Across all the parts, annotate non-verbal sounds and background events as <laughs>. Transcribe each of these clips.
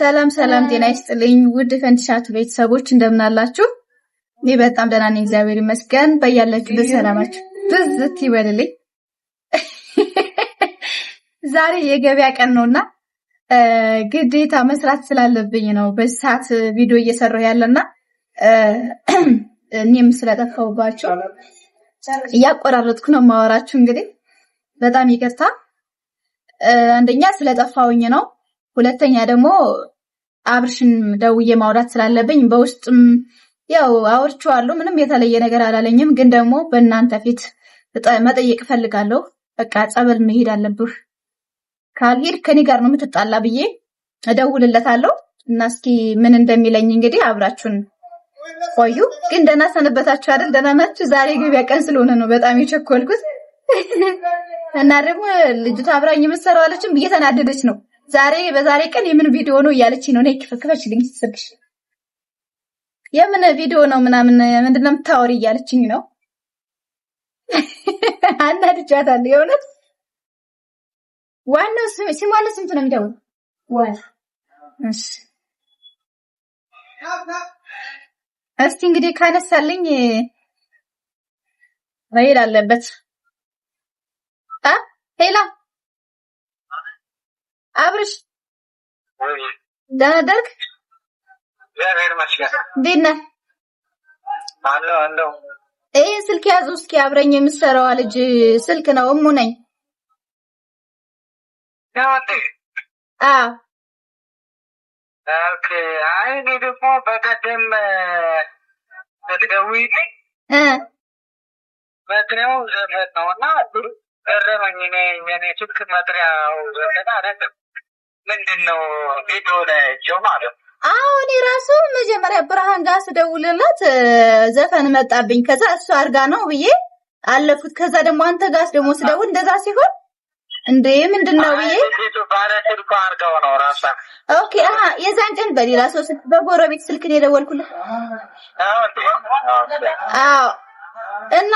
ሰላም ሰላም፣ ጤና ይስጥልኝ ውድ ፈንዲሻቱ ቤተሰቦች እንደምናላችሁ። እኔ በጣም ደህና ነኝ፣ እግዚአብሔር ይመስገን። በያላችሁበት ሰላማችሁ ብዝት ይበልልኝ። <laughs> ዛሬ የገበያ ቀን ነውና ግዴታ መስራት ስላለብኝ ነው በዚህ ሰዓት ቪዲዮ እየሰራሁ ያለና <clears throat> እኔም ስለጠፋሁባችሁ እያቆራረጥኩ ነው የማወራችሁ። እንግዲህ በጣም ይቅርታ፣ አንደኛ ስለጠፋውኝ ነው ሁለተኛ ደግሞ አብርሽን ደውዬ ማውራት ስላለብኝ በውስጥም ያው አውርቼዋለሁ። ምንም የተለየ ነገር አላለኝም፣ ግን ደግሞ በእናንተ ፊት መጠየቅ እፈልጋለሁ። በቃ ጸበል መሄድ አለብህ፣ ካልሄድ ከኔ ጋር ነው የምትጣላ ብዬ እደውልለታለሁ እና እስኪ ምን እንደሚለኝ እንግዲህ አብራችሁን ቆዩ። ግን ደህና ሰነበታችሁ አይደል? ደህና ናችሁ? ዛሬ ገበያ ቀን ስለሆነ ነው በጣም የቸኮልኩት <laughs> እና ደግሞ ልጅቷ አብራኝ የምትሰራው አለችም እየተናደደች ነው ዛሬ በዛሬ ቀን የምን ቪዲዮ ነው እያለች ነው። እኔ ክፈክፈች ልኝ ስልክሽ የምን ቪዲዮ ነው ምናምን ምንድን ነው የምታወሪ እያለችኝ ነው። <laughs> አናድጃታለሁ የእውነት ዋናው ሲሟለ ስንቱ ነው እስቲ እንግዲህ ካነሳልኝ አለበት ሄላ አብርሽ ደህና ደርግ እንዴት ነህ? ይሄ ስልክ ያዙ እስኪ አብረኝ የምትሰራዋ ልጅ ስልክ ነው። እሙ ነኝ። አይ ደግሞ በቀደም ስትደውይልኝ መጥሪያው ዘፈን ነው እና ስልክ መጥሪያው አይደለም። ምንድን ነው ቤት ሆነችው ማለት ነው። እኔ ራሱ መጀመሪያ ብርሃን ጋር ስደውልላት ዘፈን መጣብኝ፣ ከዛ እሱ አድርጋ ነው ብዬ አለፍኩት። ከዛ ደግሞ አንተ ጋስ ደግሞ ስደውል እንደዛ ሲሆን እንዴ ምንድን ነው ብዬ ኦኬ፣ አሀ የዛን ቀን በሌላ ሰው ስልክ በጎረቤት ስልክ ነው የደወልኩልህ። አዎ እና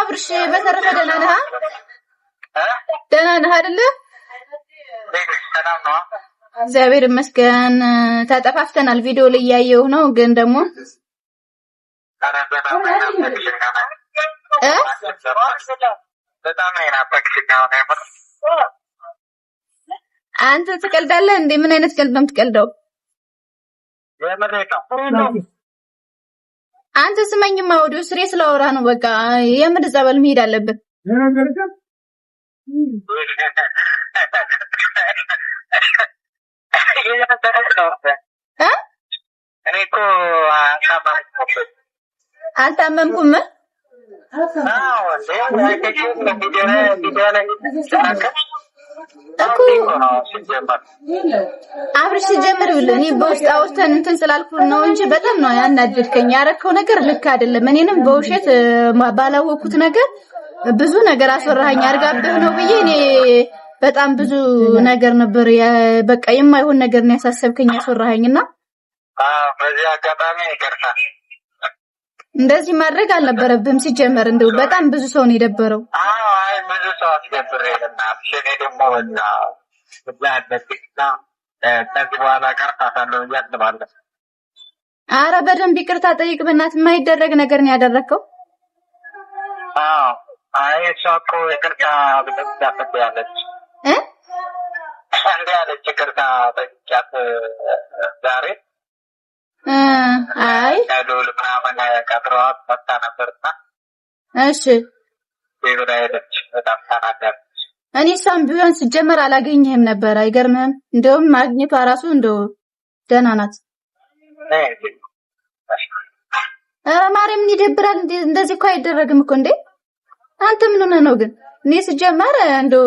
አብርሽ በተረፈ ደህና ነህ? ደህና ነህ አይደለ? እግዚአብሔር ይመስገን። ተጠፋፍተናል። ቪዲዮ ላይ እያየሁ ነው፣ ግን ደግሞ አንተ ትቀልዳለህ እንዴ? ምን አይነት ቀልድ ነው የምትቀልደው? አንተ ስመኝማ፣ ወዲሁ ስሬ ስለወራ ነው። በቃ የምር ጸበል መሄድ አለብን። እኔ እኮ አልታመምኩም። አብርሽ ሲጀምር ብለህ እኔ በውስጥ አውርተን እንትን ስላልኩ ነው እንጂ በጣም ነው ያናደድከኝ። ያረከው ነገር ልክ አይደለም። እኔንም በውሸት ባላወቅኩት ነገር ብዙ ነገር አስወራኸኝ። አርጋብህ ነው ብዬ እኔ በጣም ብዙ ነገር ነበር። በቃ የማይሆን ነገር ነው ያሳሰብከኝ ያስወራኸኝ እና በዚህ አጋጣሚ ይገርታል። እንደዚህ ማድረግ አልነበረብህም ሲጀመር። እንደው በጣም ብዙ ሰው ነው የደበረው። አይ ብዙ ሰው አስገብር የለና ሽኔ ደግሞ በኋላ ቀርታታለሁ እያስባለሁ። አረ በደንብ ይቅርታ ጠይቅ ብናት የማይደረግ ነገር ነው ያደረግከው። አይ እሷ እኮ ይቅርታ ብለህ ያለች እንዲ እኔ ቢሆን ስጀመር አላገኘህም ነበር። አይገርምህም? እንደውም ማግኘቷ ራሱ እንደው ደህና ናት። ኧረ ማርያምን ይደብራል። እንደዚህ እኮ አይደረግም እኮ እንዴ! አንተ ምን ሆነህ ነው ግን? እኔ ስጀመር እንደው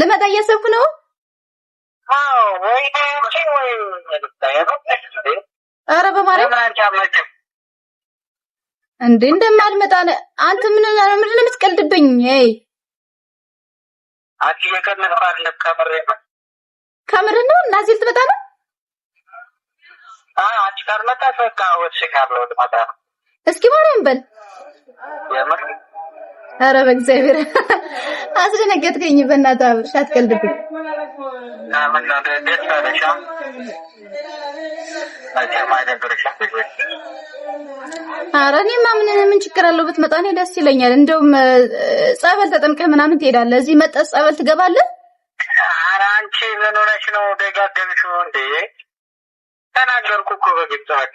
ልመጣ እያሰብኩ ነው። አረ በማርያም እንዴ እንደማልመጣ አንተ ምን ምን የምትቀልድብኝ? አይ አንቺ ከምር ነው እና እዚህ ልትመጣ ነው? እስኪ ማርያም በል። አረ በእግዚአብሔር አስደነገጥከኝ። በእናትህ አብርሽ አትቀልድብኝ። ኧረ እኔማ ምን ምን ችግር አለው ብትመጣ እኔ ደስ ይለኛል። እንደውም ጸበል ተጠምቀህ ምናምን ትሄዳለህ። እዚህ መጠጥ ጸበል ትገባለህ። አረ አንቺ ምን ሆነሽ ነው ደጋገምሽው እንዴ? ተናገርኩ እኮ በግልጽ በቃ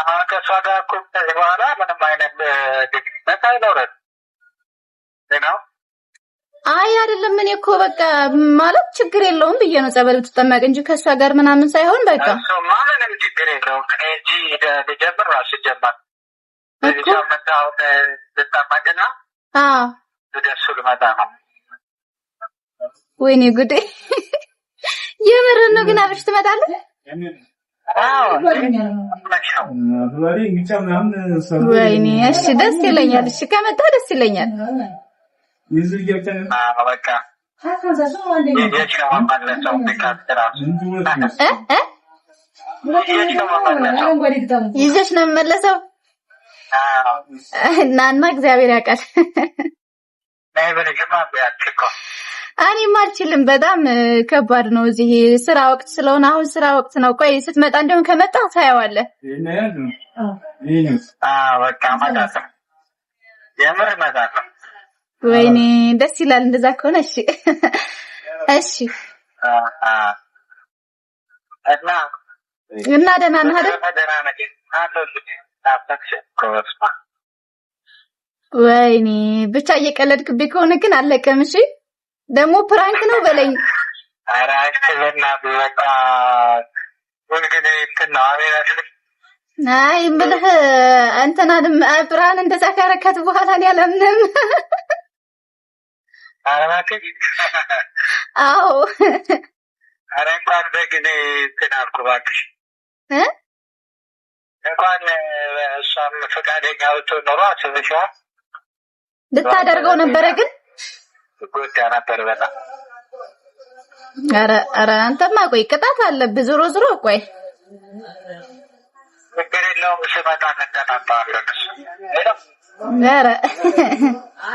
አሁን ከእሷ ጋር እኮ ከዚህ በኋላ ምንም አይነት ግንኙነት አይኖረን አይ አይደለም፣ እኔ እኮ በቃ ማለት ችግር የለውም ብዬ ነው ጸበል ብትጠመቅ እንጂ ከእሷ ጋር ምናምን ሳይሆን በቃ ምንም ችግር የለውም። እንጂ ልጀምር ራሱ ጀመር መታሁን ልጠመቅና ልደሱ ልመጣ ነው። ወይኔ ጉዴ! የምርህን ነው ግን አብርሽ ትመጣለህ? ወይኔ እሺ፣ ደስ ይለኛል። እሺ ከመጣ ደስ ይለኛል። ገብተን ይዘሽ ነው የምመለሰው። እናና እግዚአብሔር ያውቃል። እኔም አልችልም። በጣም ከባድ ነው። እዚህ ስራ ወቅት ስለሆነ አሁን ስራ ወቅት ነው። ቆይ ስትመጣ እንደውም ከመጣ ታየዋለህ። በቃ እመጣለሁ፣ የምር እመጣለሁ። ወይኔ ደስ ይላል። እንደዛ ከሆነ እሺ፣ እሺ። እና እና ደህና ነህ አይደል? ወይኔ ብቻ እየቀለድክብኝ ከሆነ ግን አለቀም። እሺ፣ ደግሞ ፕራንክ ነው በለኝ። አይ ብልህ እንትና ብርሃን እንደዛ ካረካት በኋላ እኔ አላምንም። አዎ እንኳን በግ እንትን አልኩ እባክሽ እንኳን እሷም ፈቃደኛ ብትሆን ኖሮ ልታደርገው ነበረ፣ ግን ጎዳ ነበር በጣም። ኧረ አንተማ ቆይ ቅጣት አለብህ። ዞሮ ዞሮ ቆይ ችግር የለውም ስመጣ እንጠናባለን። ኧረ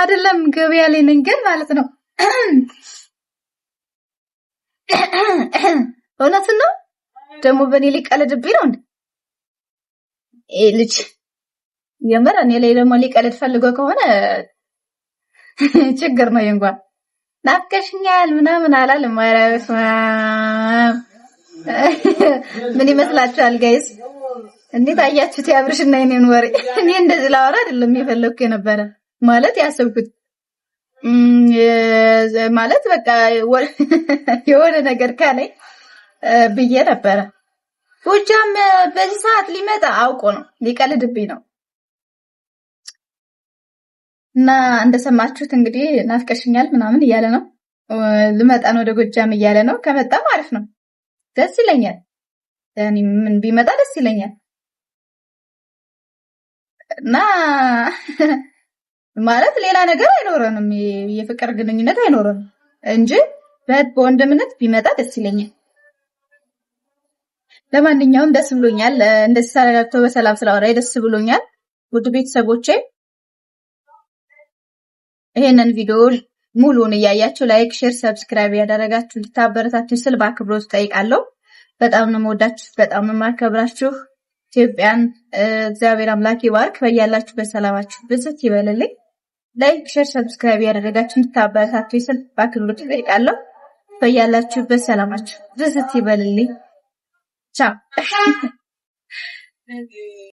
አይደለም ገበያ ላይ ነኝ ግን ማለት ነው። እውነትን ነው ደግሞ በእኔ ሊቀልድብኝ ነው እንዴ? ይሄ ልጅ የምር እኔ ላይ ደግሞ ሊቀልድ ፈልጎ ከሆነ ችግር ነው። እንኳን ናፍቀሽኛል ምናምን አላለም። ምን ይመስላችኋል ጋይስ? እንዴት አያችሁት? ያብርሽና የኔን ወሬ እኔ እንደዚህ ላወራ አይደለም የፈለኩ የነበረ ማለት ያሰብኩት ማለት በቃ <laughs> የሆነ ነገር ካለኝ ብዬ ነበረ። ጎጃም በዚህ ሰዓት ሊመጣ አውቆ ነው ሊቀልድብኝ ነው። እና እንደሰማችሁት እንግዲህ ናፍቀሽኛል ምናምን እያለ ነው። ልመጣ ነው ወደ ጎጃም እያለ ነው። ከመጣም አሪፍ ነው፣ ደስ ይለኛል። ምን ቢመጣ ደስ ይለኛል እና <laughs> ማለት ሌላ ነገር አይኖረንም፣ የፍቅር ግንኙነት አይኖረንም እንጂ በወንድምነት ቢመጣ ደስ ይለኛል። ለማንኛውም ደስ ብሎኛል። እንደዚህ ተረጋግቶ በሰላም ስላወራ ደስ ብሎኛል። ውድ ቤተሰቦቼ ይሄንን ቪዲዮ ሙሉን እያያችሁ ላይክ፣ ሼር፣ ሰብስክራይብ ያደረጋችሁ እንድታበረታችሁ ስል በአክብሮት እጠይቃለሁ። በጣም ነው የምወዳችሁ፣ በጣም ነው የማከብራችሁ። ኢትዮጵያን እግዚአብሔር አምላክ ይባርክ። በያላችሁ በሰላማችሁ ብዝት ይበልልኝ። ላይክ፣ ሼር፣ ሰብስክራይብ ያደረጋችሁ እንድታበረታችሁ የስልክ ባክንዶች እጠይቃለሁ። በያላችሁበት ሰላማችሁ ብዝት ይበልልኝ። ቻው